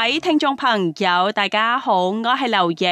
各位聽眾朋友，大家好，我係劉穎，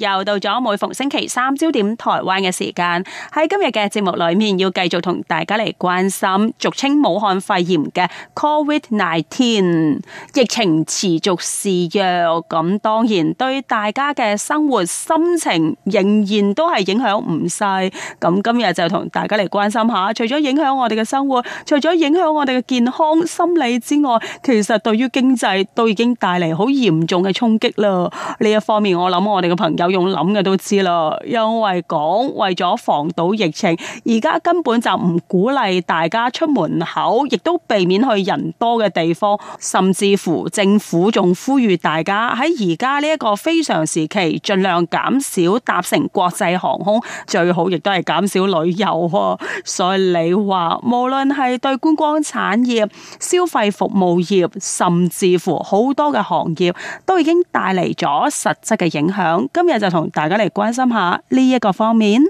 又到咗每逢星期三焦點台灣嘅時間。喺今日嘅節目裏面，要繼續同大家嚟關心俗稱武漢肺炎嘅 COVID-19 疫情持續肆虐，咁當然對大家嘅生活、心情仍然都係影響唔細。咁今日就同大家嚟關心下，除咗影響我哋嘅生活，除咗影響我哋嘅健康、心理之外，其實對於經濟都已經帶嚟好嚴重嘅衝擊啦！呢一方面我諗我哋嘅朋友用諗嘅都知啦，因為講，為咗防堵疫情，而家根本就唔鼓勵大家出門口，亦都避免去人多嘅地方，甚至乎政府仲呼籲大家喺而家呢一個非常時期，盡量減少搭乘國際航空，最好亦都係減少旅遊喎，所以你話，無論係對觀光產業、消費服務業，甚至乎好多嘅行業都已經帶嚟咗實質嘅影響，今日就同大家嚟關心下呢一個方面。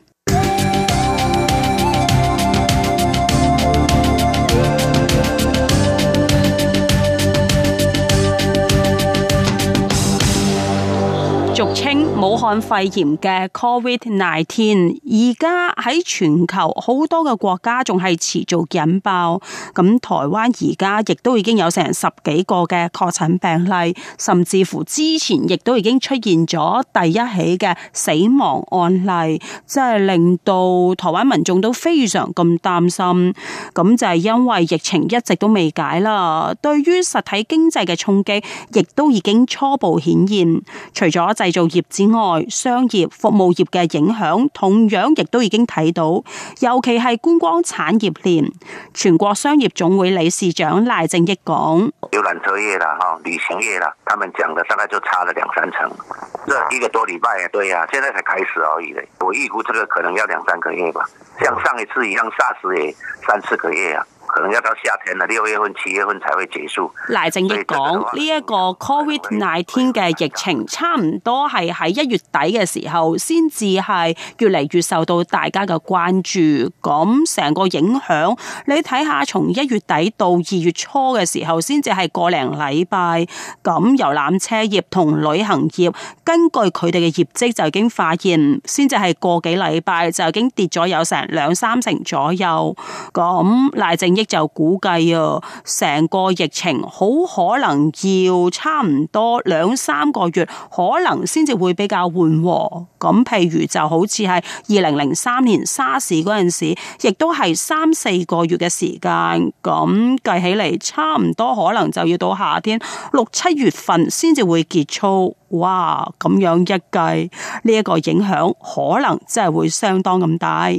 武漢肺炎嘅 COVID-19 而家喺全球好多嘅國家仲係持續引爆，咁台灣而家亦都已經有成十幾個嘅確診病例，甚至乎之前亦都已經出現咗第一起嘅死亡案例，即係令到台灣民眾都非常咁擔心。咁就係因為疫情一直都未解啦，對於實體經濟嘅衝擊亦都已經初步顯現。除咗製造業。業之外，商業服務業嘅影響同樣亦都已經睇到，尤其係觀光產業鏈。全國商業總會理事長賴正益講：遊覽車業啦，旅行業啦，他們講的大概就差了兩三成，一個多禮拜啊，對呀，啊，現在才開始而已，我預估這個可能要兩三個月吧，像上一次一樣，SARS 也三四個月啊。可能要到夏天啦，呢一份七月份才會結束。賴正鎰講呢一個 COVID-19 嘅疫情，差唔多係喺一月底嘅時候，先至係越嚟越受到大家嘅關注。咁成個影響，你睇下從一月底到二月初嘅時候，先至係個零禮拜。咁遊覽車業同旅行業，根據佢哋嘅業績就已經發現，先至係個幾禮拜就已經跌咗有成兩三成左右。咁賴正。亦就估計啊，成個疫情好可能要差唔多兩三個月，可能先至會比較緩和。咁譬如就好似係二零零三年沙士嗰陣時，亦都係三四個月嘅時間。咁計起嚟，差唔多可能就要到夏天六七月份先至會結束。哇，咁樣一計，呢一個影響可能真係會相當咁大。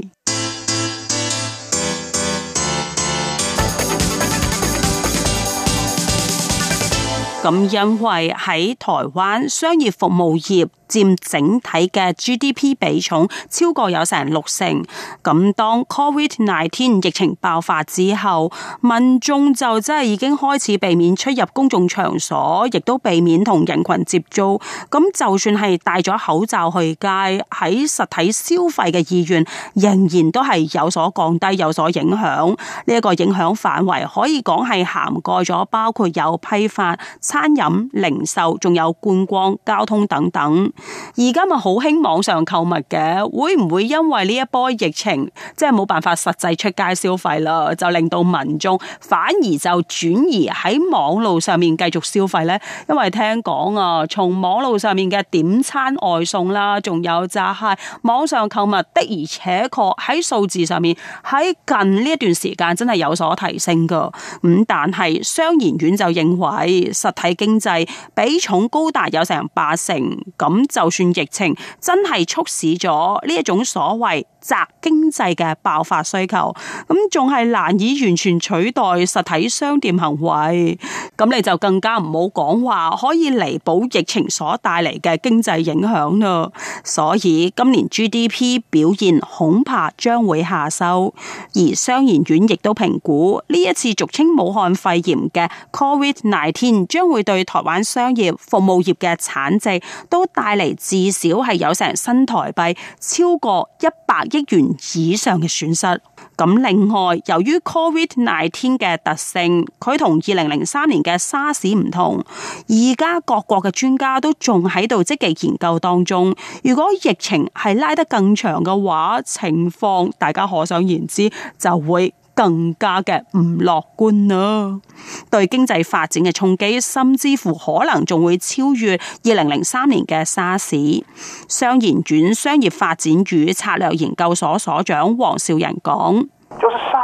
咁因為喺台灣商業服務業，佔整體嘅 GDP 比重超過有成六成。咁當 COVID-19 疫情爆發之後，民眾就真係已經開始避免出入公眾場所，亦都避免同人群接觸。咁就算係戴咗口罩去街，喺實體消費嘅意願仍然都係有所降低，有所影響。呢一個影響範圍可以講係涵蓋咗包括有批發、餐飲、零售，仲有觀光、交通等等。而家咪好興網上購物嘅，會唔會因為呢一波疫情，即係冇辦法實際出街消費啦，就令到民眾反而就轉移喺網路上面繼續消費呢？因為聽講啊，從網路上面嘅點餐外送啦，仲有就係網上購物，的而且確喺數字上面喺近呢一段時間真係有所提升噶。咁但係商研院就認為，實體經濟比重高達有成八成咁，就算疫情真係促使咗呢一種所謂宅經濟嘅爆發需求，咁仲係難以完全取代實體商店行為。咁你就更加唔好講話可以彌補疫情所帶嚟嘅經濟影響啦，所以今年 GDP 表現恐怕將會下修。而商研院亦都評估，呢一次俗稱武漢肺炎嘅 COVID-19 將會對台灣商業服務業嘅產值都帶嚟至少係有成新台幣超過一百億元以上嘅損失。咁另外，由於 COVID-19 嘅特性，佢同二零零三年嘅沙士唔同，而家各國嘅專家都仲喺度積極研究當中。如果疫情係拉得更長嘅話，情況大家可想而知就會更加嘅唔樂觀啦。對經濟發展嘅衝擊，甚至乎可能仲會超越二零零三年嘅沙士。商研院商業發展與策略研究所所長黃兆仁講。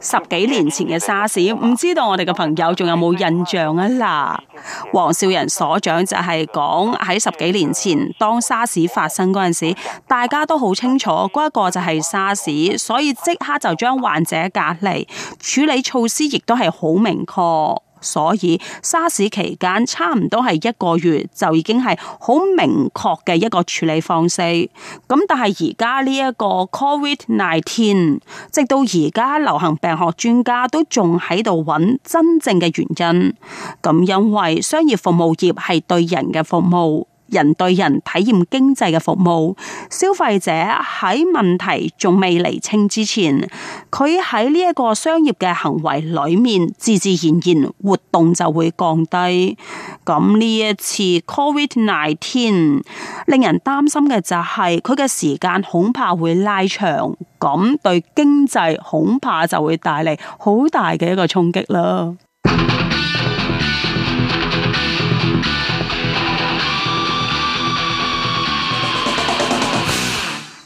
十幾年前嘅沙士，唔知道我哋嘅朋友仲有冇印象啊嗱，黃兆仁所長就係講喺十幾年前當沙士發生嗰陣時，大家都好清楚嗰一個就係沙士，所以即刻就將患者隔離，處理措施亦都係好明確。所以沙士期間差唔多係一個月就已經係好明確嘅一個處理方式。咁但係而家呢一個 COVID-19，直到而家流行病學專家都仲喺度揾真正嘅原因。咁因為商業服務業係對人嘅服務。人對人體驗經濟嘅服務，消費者喺問題仲未釐清之前，佢喺呢一個商業嘅行為裏面，自自然然活動就會降低。咁呢一次 COVID-19 令人擔心嘅就係佢嘅時間恐怕會拉長，咁對經濟恐怕就會帶嚟好大嘅一個衝擊啦。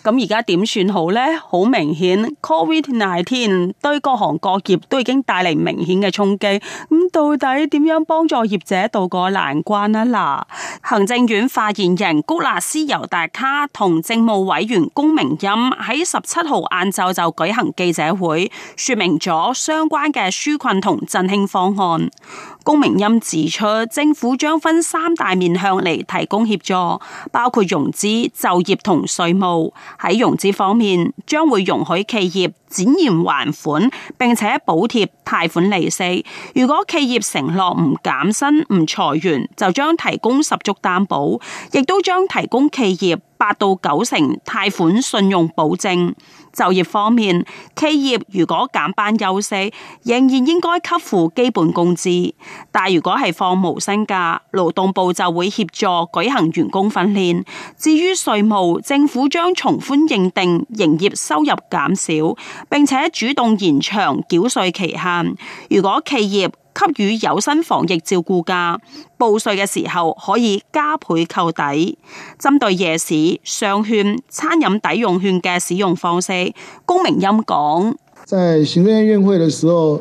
咁而家點算好呢？好明顯，COVID-19 對各行各業都已經帶嚟明顯嘅衝擊。咁到底點樣幫助業者渡過難關啊？嗱，行政院發言人谷辣斯尤達卡同政務委員龔明鑫喺十七號晏晝就舉行記者會，說明咗相關嘅紓困同振興方案。龔明鑫，指出，政府將分三大面向嚟提供協助，包括融資、就業同稅務。喺融資方面，將會容許企業展延還款，並且補貼貸款利息。如果企業承諾唔減薪、唔裁員，就將提供十足擔保，亦都將提供企業八到九成貸款信用保證。就業方面，企業如果減班休息，仍然應該給付基本工資。但如果係放無薪假，勞動部就會協助舉行員工訓練。至於稅務，政府將從寬認定營業收入減少，並且主動延長繳稅期限。如果企業給予有薪防疫照顧假，報稅嘅時候可以加倍扣抵。針對夜市、上券、餐飲抵用券嘅使用方式，公明音講。在行政院院會嘅時候。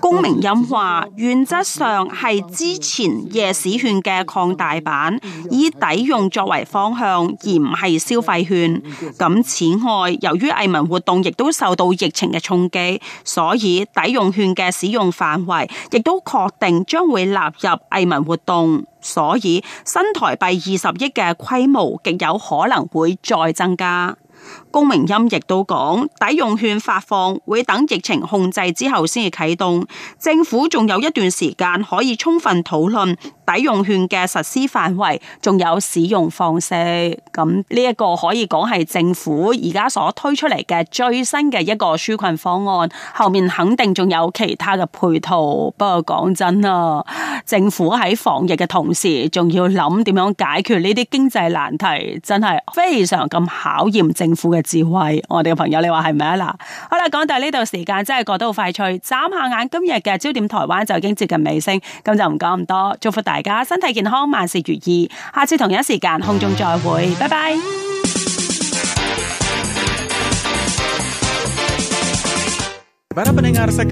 龔明鑫話：原則上係之前夜市券嘅擴大版，以抵用作為方向，而唔係消費券。咁此外，由於藝文活動亦都受到疫情嘅衝擊，所以抵用券嘅使用範圍亦都確定將會納入藝文活動。所以新台幣二十億嘅規模極有可能會再增加。公明音亦都講抵用券發放會等疫情控制之後先至啟動，政府仲有一段時間可以充分討論抵用券嘅實施範圍，仲有使用方式。咁呢一個可以講係政府而家所推出嚟嘅最新嘅一個紓困方案，後面肯定仲有其他嘅配套。不過講真啊，政府喺防疫嘅同時，仲要諗點樣解決呢啲經濟難題，真係非常咁考驗政府嘅。智慧，我哋嘅朋友，你話係咪啊？嗱，好啦，講到呢度時間真係過得好快脆，眨下眼今日嘅焦點台灣就已經接近尾聲，咁就唔講咁多，祝福大家身體健康，萬事如意，下次同一時間空中再會，拜拜。